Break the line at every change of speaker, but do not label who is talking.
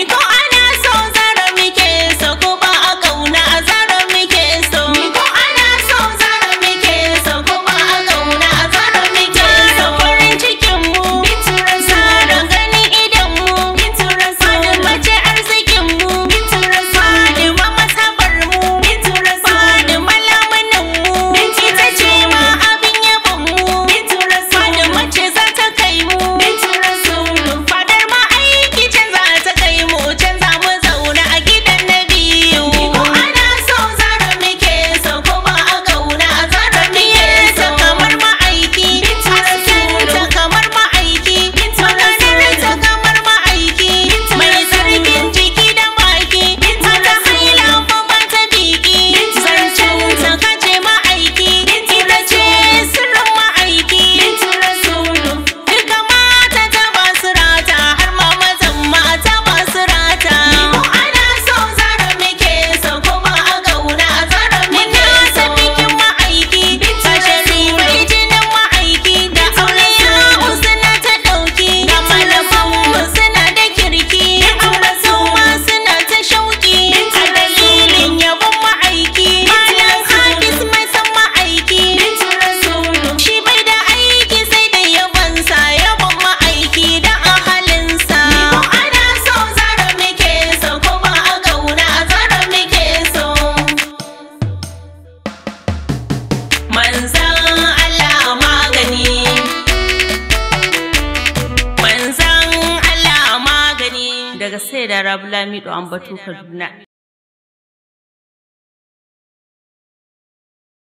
Então Sai da Saida lami Lamido Ambato Kaduna.